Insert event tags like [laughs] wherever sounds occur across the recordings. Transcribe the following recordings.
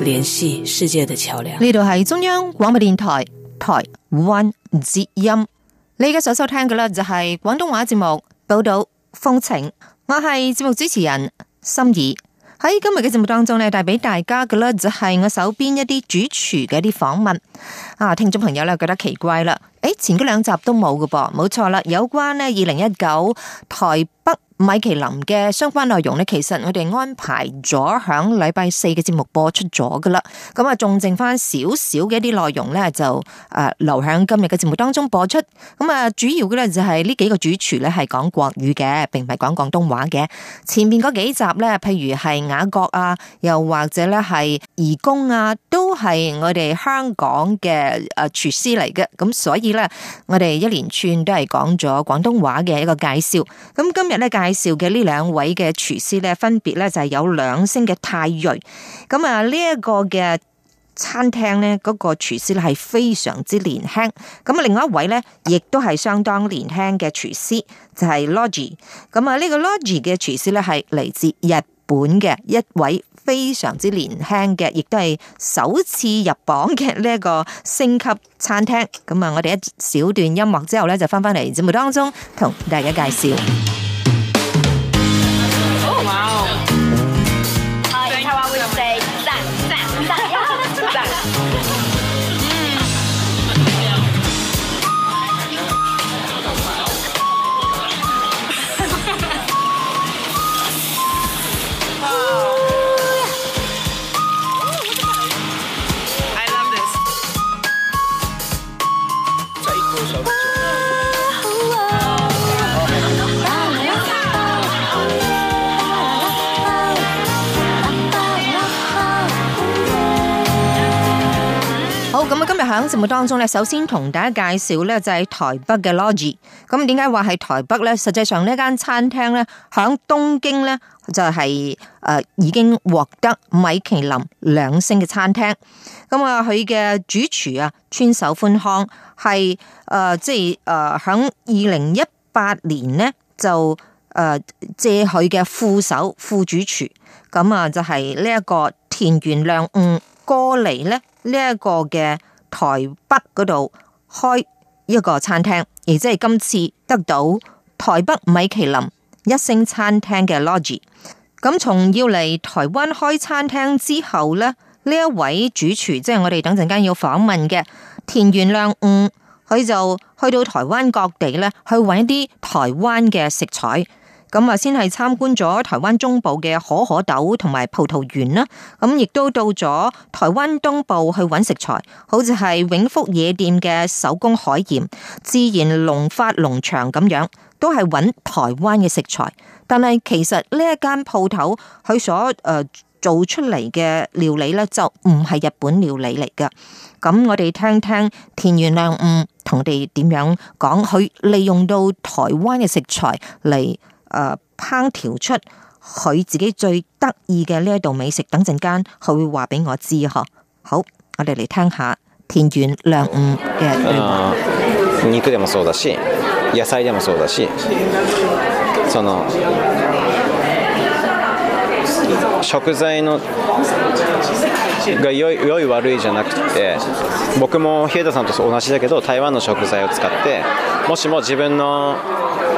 聯繫世界的橋樑。呢度係中央廣播電台台 o n 節音。你而家所收聽嘅咧就係廣東話節目報道風情。我係節目主持人心怡。喺今日嘅節目當中呢，帶俾大家嘅咧就係我手邊一啲主廚嘅一啲訪問。啊，聽眾朋友咧覺得奇怪啦，誒，前兩集都冇嘅噃，冇錯啦，有關呢，二零一九台北。米其林嘅相關內容呢，其實我哋安排咗響禮拜四嘅節目播出咗噶啦，咁啊仲剩翻少少嘅一啲內容呢，就誒留響今日嘅節目當中播出。咁啊，主要嘅呢就係呢幾個主廚呢，係講國語嘅，並唔係講廣東話嘅。前面嗰幾集呢，譬如係雅閣啊，又或者呢係頤宮啊，都係我哋香港嘅誒廚師嚟嘅。咁所以呢，我哋一連串都係講咗廣東話嘅一個介紹。咁今日呢，介介紹嘅呢兩位嘅廚師咧，分別咧就係有兩星嘅泰瑞，咁啊呢一個嘅餐廳咧，嗰個廚師咧係非常之年輕，咁啊另外一位咧亦都係相當年輕嘅廚師，就係 logy，咁啊呢個 logy 嘅廚師咧係嚟自日本嘅一位非常之年輕嘅，亦都係首次入榜嘅呢一個星級餐廳，咁啊我哋一小段音樂之後咧就翻翻嚟節目當中同大家介紹。咁啊，好，今日響節目當中咧，首先同大家介紹咧就係、是、台北嘅 logy，咁點解話係台北咧？實際上廳呢間餐廳咧響東京咧就係、是、誒、呃、已經獲得米其林兩星嘅餐廳。咁、呃、啊，佢嘅主廚啊川手寬康係誒即係誒響二零一八年呢，就誒、呃、借佢嘅副手副主廚。咁、呃、啊就係呢一個田原諒悟過嚟咧。呢一個嘅台北嗰度開一個餐廳，而即係今次得到台北米其林一星餐廳嘅 logy。咁從要嚟台灣開餐廳之後咧，呢一位主廚，即係我哋等陣間要訪問嘅田原諒悟，佢就去到台灣各地咧，去搵一啲台灣嘅食材。咁啊，先係參觀咗台灣中部嘅可可豆同埋葡萄園啦。咁亦都到咗台灣東部去揾食材，好似係永福野店嘅手工海鹽、自然龍發農場咁樣，都係揾台灣嘅食材。但係其實呢一間鋪頭佢所做出嚟嘅料理呢，就唔係日本料理嚟㗎。咁我哋聽聽田原諒悟同哋點樣講佢利用到台灣嘅食材嚟。誒烹調出佢自己最得意嘅呢一道美食，等陣間佢會話俾我知呵。好，我哋嚟聽下田原諒悟嘅。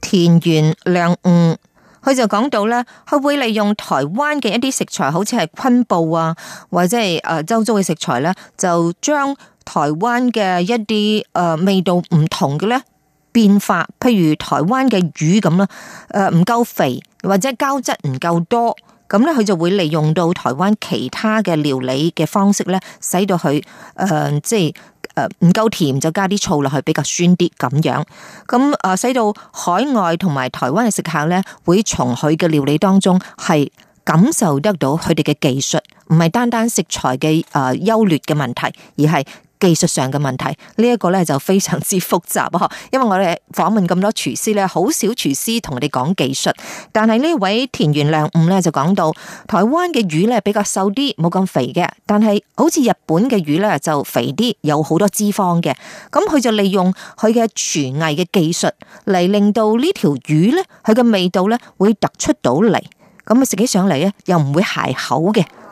田園靚物，佢就講到咧，佢會利用台灣嘅一啲食材，好似係昆布啊，或者係誒周遭嘅食材咧，就將台灣嘅一啲誒、呃、味道唔同嘅咧變化，譬如台灣嘅魚咁啦，誒唔夠肥或者膠質唔夠多，咁咧佢就會利用到台灣其他嘅料理嘅方式咧，使到佢誒即係。唔夠甜就加啲醋落去，比較酸啲咁樣。咁誒，使到海外同埋台灣嘅食客咧，會從佢嘅料理當中係感受得到佢哋嘅技術，唔係單單食材嘅誒優劣嘅問題，而係，技術上嘅問題，呢、這、一個呢就非常之複雜，因為我哋訪問咁多廚師呢，好少廚師同我哋講技術，但係呢位田原諒悟呢，就講到，台灣嘅魚呢比較瘦啲，冇咁肥嘅，但係好似日本嘅魚呢就肥啲，有好多脂肪嘅，咁佢就利用佢嘅廚藝嘅技術嚟令到呢條魚呢，佢嘅味道呢會突出到嚟，咁佢食起上嚟呢，又唔會鞋口嘅。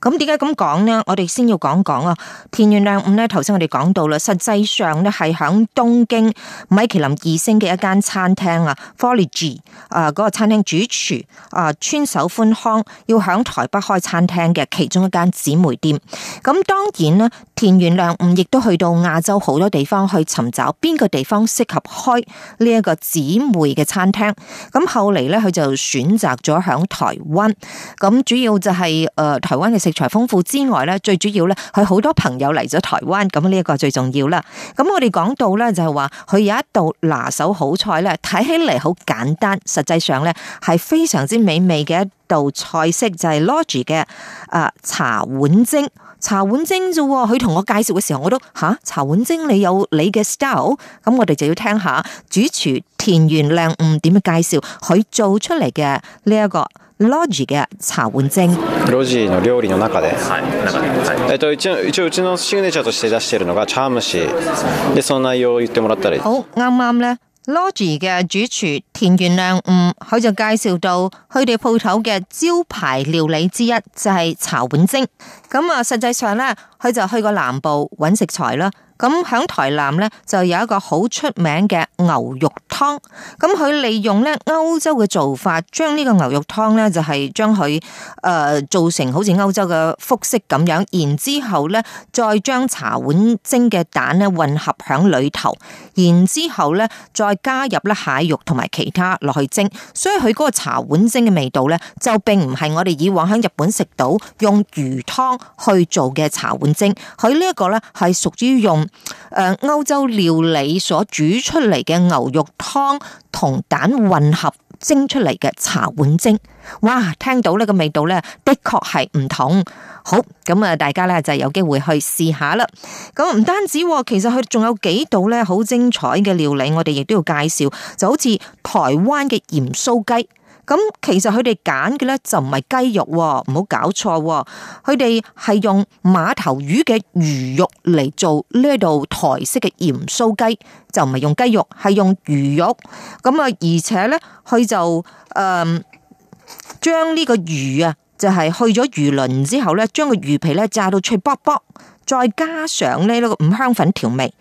咁點解咁講呢？我哋先要講講啊，田原諒悟咧，頭先我哋講到啦，實際上咧係響東京米其林二星嘅一間餐廳啊，Florilege 啊嗰個餐廳主廚啊川手寬康要響台北開餐廳嘅其中一間姊妹店，咁當然啦。田原諒悟亦都去到亞洲好多地方去尋找邊個地方適合開呢一個姊妹嘅餐廳，咁後嚟咧佢就選擇咗喺台灣，咁主要就係誒台灣嘅食材豐富之外咧，最主要咧佢好多朋友嚟咗台灣，咁呢一個最重要啦。咁我哋講到咧就係話佢有一道拿手好菜咧，睇起嚟好簡單，實際上咧係非常之美味嘅。道菜式就係 logy 嘅誒茶碗蒸，茶碗蒸啫喎。佢同我介紹嘅時候，我都嚇、啊、茶，茶碗蒸，你有你嘅 style，咁我哋就要聽下主廚田原諒悟點樣介紹佢做出嚟嘅呢一個 logy 嘅茶碗蒸。logy 嘅料理の中で，えっと、一応、一応うちの signature として出してるのが茶碗蒸。でその內容を言ってもらったり。好啱啱咧。剛剛 logy 嘅主廚田原諒悟，佢就介紹到佢哋鋪頭嘅招牌料理之一就係、是、茶碗蒸。咁啊，實際上咧，佢就去過南部揾食材啦。咁響台南咧就有一個好出名嘅牛肉湯，咁佢利用咧歐洲嘅做法，將呢個牛肉湯咧就係將佢誒做成好似歐洲嘅復式咁樣，然之後咧再將茶碗蒸嘅蛋咧混合響裏頭，然之後咧再加入咧蟹肉同埋其他落去蒸，所以佢嗰個茶碗蒸嘅味道咧就並唔係我哋以往響日本食到用魚湯去做嘅茶碗蒸，佢呢一個咧係屬於用。誒，歐洲料理所煮出嚟嘅牛肉湯同蛋混合蒸出嚟嘅茶碗蒸，哇！聽到呢個味道呢，的確係唔同。好，咁啊，大家呢就有機會去試下啦。咁唔單止，其實佢仲有幾道呢好精彩嘅料理，我哋亦都要介紹，就好似台灣嘅鹽酥雞。咁其實佢哋揀嘅咧就唔係雞肉，唔好搞錯。佢哋係用馬頭魚嘅魚肉嚟做呢度台式嘅鹽酥雞，就唔係用雞肉，係用魚肉。咁啊，而且咧，佢就誒，將呢個魚啊，就係去咗魚鱗之後咧，將個魚皮咧炸到脆卜卜，再加上呢個五香粉調味。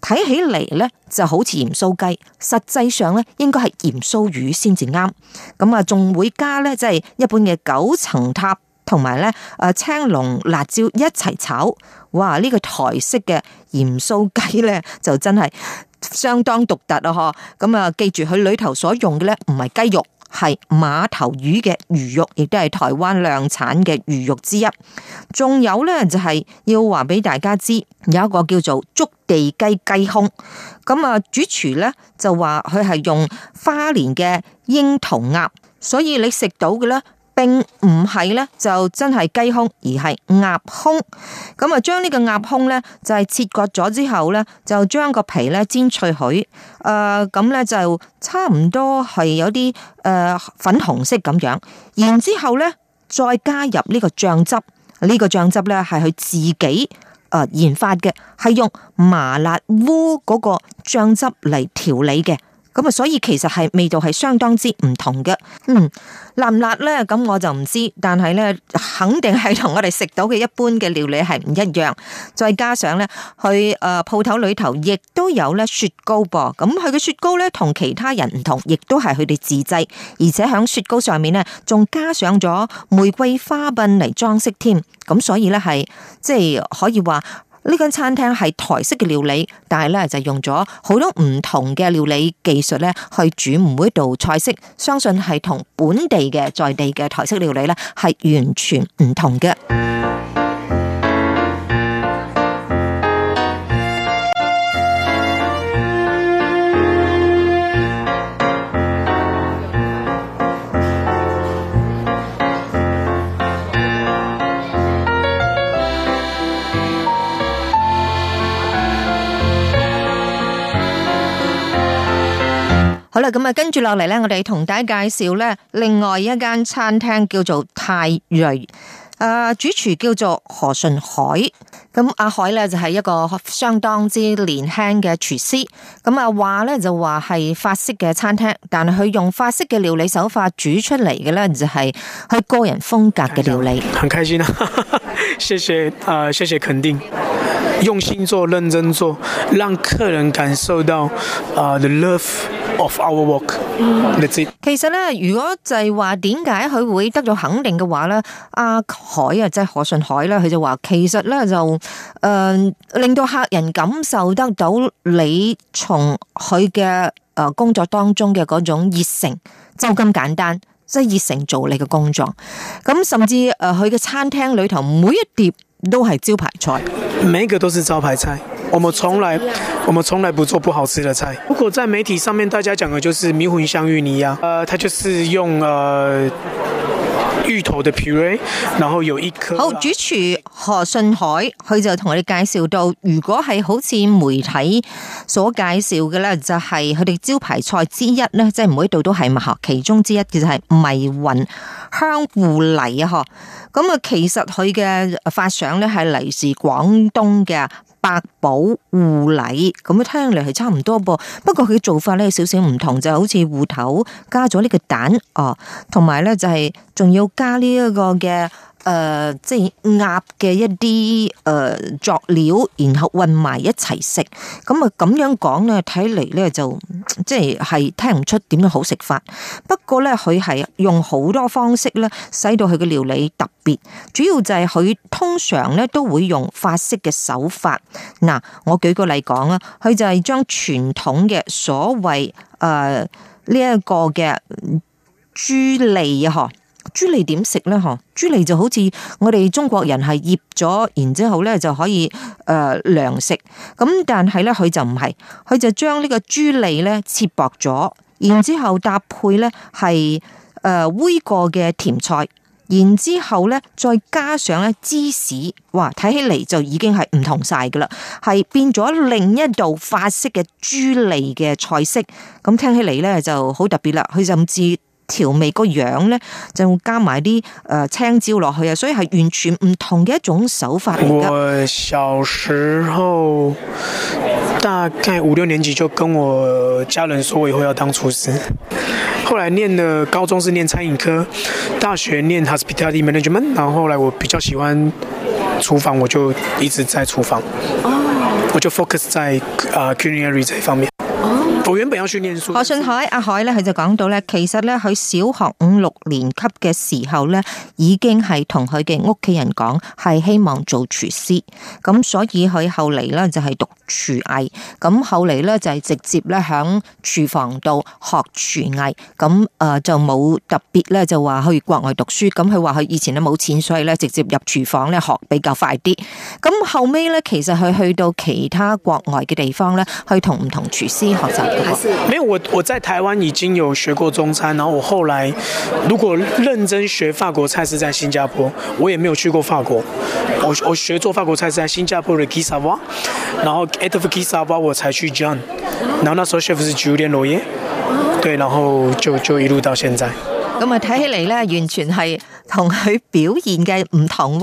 睇起嚟咧就好似鹽酥雞，實際上咧應該係鹽酥魚先至啱。咁啊，仲會加咧即係一般嘅九層塔同埋咧誒青龍辣椒一齊炒。哇！呢個台式嘅鹽酥雞咧就真係相當獨特咯嗬。咁啊，記住佢裏頭所用嘅咧唔係雞肉。係馬頭魚嘅魚肉，亦都係台灣量產嘅魚肉之一。仲有咧，就係、是、要話俾大家知，有一個叫做竹地雞雞胸。咁啊，主廚咧就話佢係用花蓮嘅櫻桃鴨，所以你食到嘅咧。並唔係咧，就真係雞胸，而係鴨胸。咁啊，將呢個鴨胸咧，就係切割咗之後咧，就將個皮咧煎脆佢。誒、呃，咁咧就差唔多係有啲誒粉紅色咁樣。然之後咧，再加入呢個醬汁。呢、這個醬汁咧係佢自己誒研發嘅，係用麻辣烏嗰個醬汁嚟調理嘅。咁啊，所以其實係味道係相當之唔同嘅。嗯，辣唔辣咧？咁我就唔知道，但係呢肯定係同我哋食到嘅一般嘅料理係唔一樣。再加上呢，佢誒鋪頭裏頭亦都有咧雪糕噃。咁佢嘅雪糕呢同其他人唔同，亦都係佢哋自製，而且喺雪糕上面呢仲加上咗玫瑰花瓣嚟裝飾添。咁所以呢，係即係可以話。呢間餐廳係台式嘅料理，但係呢就用咗好多唔同嘅料理技術去煮每一道菜式，相信係同本地嘅在地嘅台式料理係完全唔同嘅。好啦，咁啊，跟住落嚟呢，我哋同大家介紹呢另外一間餐廳叫做泰瑞，誒，主廚叫做何順海。咁阿海呢，就係一個相當之年輕嘅廚師。咁啊話呢，就話係法式嘅餐廳，但係佢用法式嘅料理手法煮出嚟嘅呢，就係佢個人風格嘅料理好。很開心啊！哈哈謝謝，誒、呃，謝謝肯定。用心做，認真做，讓客人感受到啊，uh，the love of our work。其實咧，如果就係話點解佢會得到肯定嘅話咧，阿海啊，凱即係何順海咧，佢就話，其實咧就誒、呃、令到客人感受得到你從佢嘅誒工作當中嘅種熱誠，就咁簡單，即係熱誠做你嘅工作。咁甚至誒佢嘅餐廳裏頭每一碟。都係招牌菜，每一個都是招牌菜。我們從來，我們從來不做不好吃的菜。如果在媒體上面大家講的就是迷魂香芋泥啊，呃，佢就是用，呃芋頭的 puree，然後有一顆。好，主廚何信海，佢就同我哋介紹到，如果係好似媒體所介紹嘅咧，就係佢哋招牌菜之一咧，即係每一道都係嘛嗬，其中之一嘅就係迷雲香芋泥啊嗬。咁啊，其實佢嘅發想咧係嚟自廣東嘅。八寶護理咁樣聽嚟係差唔多噃，不過佢做法咧有少少唔同，就好似芋頭加咗呢個蛋哦，同埋咧就係仲要加呢一個嘅。誒、呃，即係鴨嘅一啲誒、呃、作料，然後混埋一齊食。咁啊，咁樣講咧，睇嚟咧就即係係聽唔出點樣好食法。不過咧，佢係用好多方式咧，使到佢嘅料理特別。主要就係佢通常咧都會用法式嘅手法。嗱，我舉個例講啊，佢就係將傳統嘅所謂誒呢一個嘅豬脷嗬。豬脷點食咧？嗬，豬脷就好似我哋中國人係醃咗，然之後咧就可以誒涼、呃、食。咁但係咧佢就唔係，佢就將呢個豬脷咧切薄咗，然之後搭配咧係誒煨過嘅甜菜，然之後咧再加上咧芝士，哇！睇起嚟就已經係唔同晒噶啦，係變咗另一道法式嘅豬脷嘅菜式。咁聽起嚟咧就好特別啦，佢甚至。調味個樣咧就加埋啲誒青椒落去啊，所以係完全唔同嘅一種手法嚟。我小時候大概五六年級就跟我家人說我以後要當廚師，後來念了高中是念餐飲科，大學念 hospitality management，然后後來我比較喜歡廚房，我就一直在廚房，oh. 我就 focus 在啊、uh, culinary 呢方面。何信海阿海咧，佢就講到咧，其實咧佢小學五六年級嘅時候咧，已經係同佢嘅屋企人講係希望做廚師，咁所以佢後嚟咧就係讀廚藝，咁後嚟咧就係直接咧響廚房度學廚藝，咁誒就冇特別咧就話去國外讀書，咁佢話佢以前咧冇錢，所以咧直接入廚房咧學比較快啲，咁後尾咧其實佢去到其他國外嘅地方咧，去同唔同廚師學習。沒有，我我在台灣已經有學過中餐，然後我後來如果認真學法國菜是在新加坡，我也沒有去過法國，我我學做法國菜是在新加坡的吉薩瓦，然後 ate 艾特夫吉薩瓦我才去 Jean，然後那時候 chef 是 Julien Roye，對，然後就就一路到現在。咁，睇起嚟呢，完全係同佢表現嘅唔同，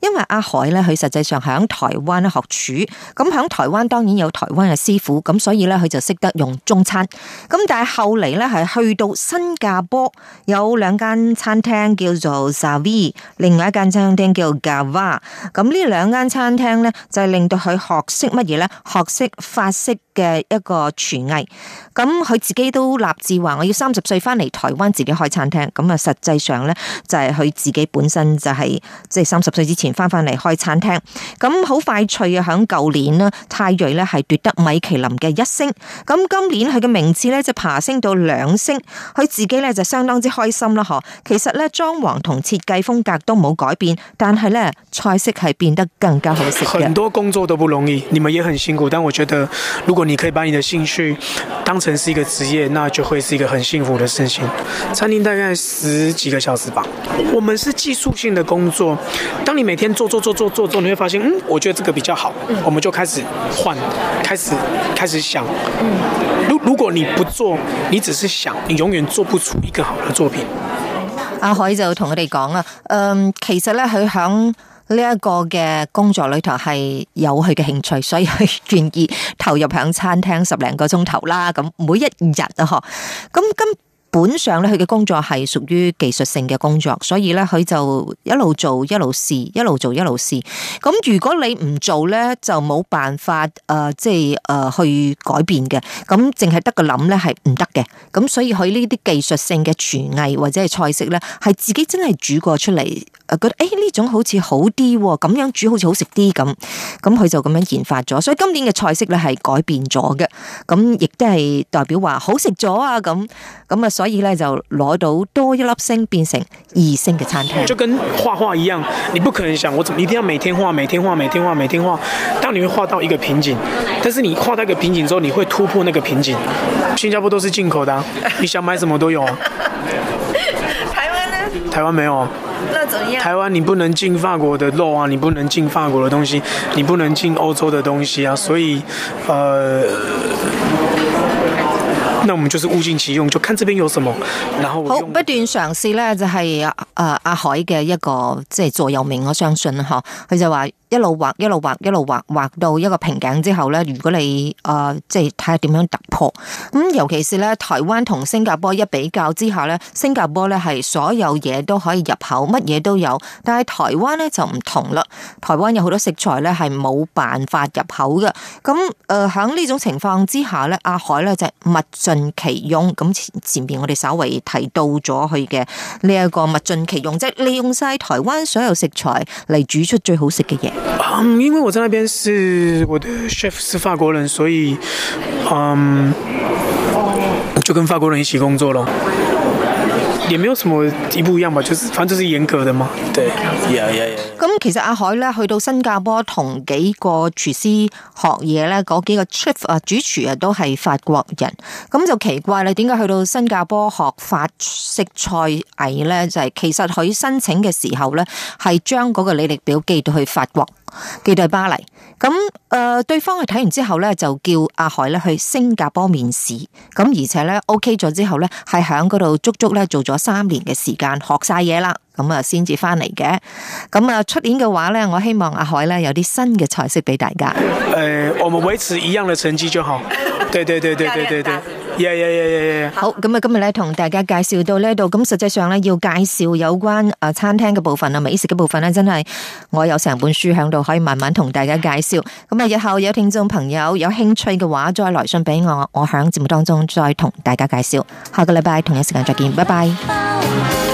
因為阿海咧，佢實際上喺台灣學廚，咁喺台灣當然有台灣嘅師傅，咁所以咧佢就識得用中餐。咁但係後嚟咧係去到新加坡，有兩間餐廳叫做 Savi，另外一間餐廳叫 Gava。咁呢兩間餐廳咧就係令到佢學識乜嘢咧？學識法式嘅一個廚藝。咁佢自己都立志話：我要三十歲翻嚟台灣自己開餐廳。咁啊，實際上咧就係佢。自己本身就係即係三十歲之前翻返嚟開餐廳，咁好快脆啊！響舊年呢，泰瑞呢係奪得米其林嘅一星，咁今年佢嘅名次呢就爬升到兩星，佢自己呢就相當之開心啦！嗬，其實呢，裝潢同設計風格都冇改變，但係呢，菜式係變得更加好食嘅。很多工作都不容易，你們也很辛苦，但我覺得如果你可以把你的興趣當成是一個職業，那就會是一個很幸福的事情。餐廳大概十幾個小時吧。我們是技術性的工作，當你每天做做做做做做，你會發現，嗯，我覺得這個比較好，我們就開始換，開始開始想。如果如果你不做，你只是想，你永遠做不出一個好的作品。阿、啊、海就同佢哋講啊嗯，其實呢佢響呢一個嘅工作裏頭係有佢嘅興趣，所以佢願意投入響餐廳十零個鐘頭啦。咁每一日啊，嗬，咁咁。本上咧，佢嘅工作係屬於技術性嘅工作，所以咧佢就一路做一路試，一路做一路試。咁如果你唔做咧，就冇辦法誒、呃，即係誒、呃、去改變嘅。咁淨係得個諗咧，係唔得嘅。咁所以佢呢啲技術性嘅廚藝或者係菜式咧，係自己真係煮過出嚟。誒，覺得誒呢種好似好啲，咁樣煮好似好食啲咁，咁佢就咁樣研發咗，所以今年嘅菜式咧係改變咗嘅，咁亦都係代表話好食咗啊！咁咁啊，所以咧就攞到多一粒星，變成二星嘅餐廳。就跟畫畫一樣，你不可能想我，一定要每天畫、每天畫、每天畫、每天畫？當你會畫到一個瓶頸，但是你畫到一個瓶頸之後，你會突破那個瓶頸。新加坡都是進口的，你想買什麼都有啊。台灣呢？台灣沒有啊。台灣，你不能進法國的肉啊，你不能進法國的東西，你不能進歐洲的東西啊，所以，呃。那我們就是物盡其用，就看這邊有什麼，然後好不斷嘗試咧，就係誒阿海嘅一個即係座右銘，我相信嗬，佢就話一路畫一路畫一路畫畫到一個瓶頸之後咧，如果你誒、呃、即係睇下點樣突破咁、嗯，尤其是咧台灣同新加坡一比較之下咧，新加坡咧係所有嘢都可以入口，乜嘢都有，但係台灣咧就唔同啦，台灣有好多食材咧係冇辦法入口嘅，咁誒響呢種情況之下咧，阿海咧就係物盡。盡其用，咁前前邊我哋稍微提到咗佢嘅呢一個物盡其用，即係利用晒台灣所有食材嚟煮出最好食嘅嘢。嗯，因為我在那邊是我的 chef 是法國人，所以嗯，就跟法國人一起工作咯。也沒有什麼一不一樣吧，就是反正就是嚴格的嘛。對，呀呀呀。咁其實阿海呢去到新加坡同幾個廚師學嘢呢嗰幾個 chief 啊主廚啊都係法國人，咁就奇怪啦。點解去到新加坡學法式菜藝呢就係、是，其實佢申請嘅時候呢係將嗰個履歷表寄到去法國，寄到去巴黎。咁誒，對方佢睇完之後咧，就叫阿海咧去新加坡面試，咁而且咧 OK 咗之後咧，係喺嗰度足足咧做咗三年嘅時間，學晒嘢啦，咁啊先至翻嚟嘅。咁啊出年嘅話咧，我希望阿海咧有啲新嘅菜式俾大家。誒、呃，我們維持一樣嘅成績就好。 [laughs] 對對對對對對對。Yeah, yeah, yeah, yeah, yeah. 好，咁啊今日咧同大家介紹到呢度，咁實際上咧要介紹有關啊餐廳嘅部分啊美食嘅部分咧，真係我有成本書喺度，可以慢慢同大家介紹。咁啊日後有聽眾朋友有興趣嘅話，再來信俾我，我喺節目當中再同大家介紹。下個禮拜同一時間再見，拜拜。